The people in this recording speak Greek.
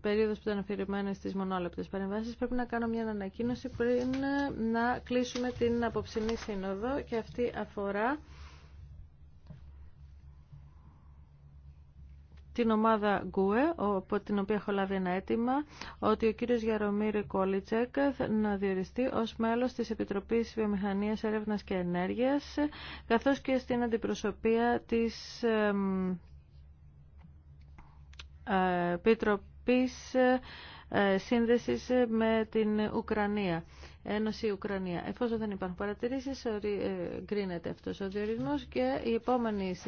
περίοδο που ήταν αφηρημένη στι μονόλεπτε παρεμβάσει, πρέπει να κάνω μια ανακοίνωση πριν να κλείσουμε την απόψινή σύνοδο και αυτή αφορά την ομάδα Γκουε, από την οποία έχω λάβει ένα αίτημα, ότι ο κύριος Γιαρομίρη Κόλιτσεκ να διοριστεί ως μέλος της Επιτροπής Βιομηχανίας, Έρευνας και Ενέργειας, καθώς και στην αντιπροσωπεία της Επιτροπής ε, Σύνδεσης με την Ουκρανία, Ένωση Ουκρανία. Εφόσον δεν υπάρχουν παρατηρήσεις, ε, γκρίνεται αυτός ο διορισμός και η επόμενη